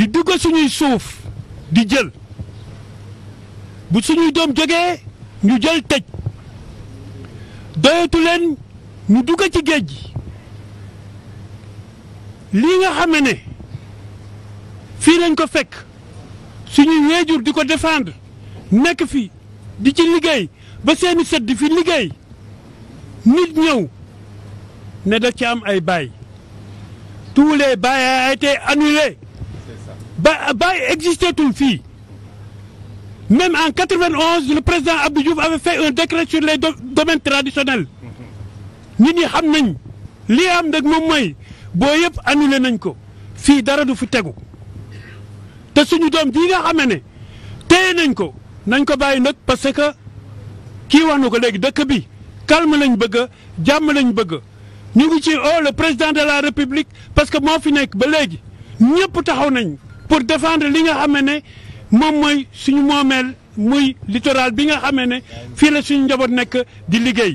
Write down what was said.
di dugg suñuy suuf di jël bu suñuy doom jógee ñu jël tëj doyatu leen ñu dugg ci géej gi lii nga xam ne fii lañ ko fekk suñuy weejur di ko défendre nekk fi di ci liggéey ba seeni sët di fi liggéey nit ñëw ne da ci am ay baay tous les bails ont ba Baye existé tul fii même en 91 le président Abdou Diouf avait fait un décret sur les domaines traditionnels nit ñi xam nañ li am nag moom mooy boo yëpp annulé nañ ko fii dara du fi tegu te suñu doom jii nga xamee ne téye nañ ko nañ ko bàyyi nag parce que kii wax na ko léegi dëkk bi calme lañ bëgg jàmm lañ bëgg ñu ngi ci oh le président de la république parce que moo fi nekk ba léegi ñëpp taxaw nañ. pour defandre li nga xam ne moom mooy suñu moomeel muy littoral bi nga xam ne fii la suñu njaboot nekk di liggéey.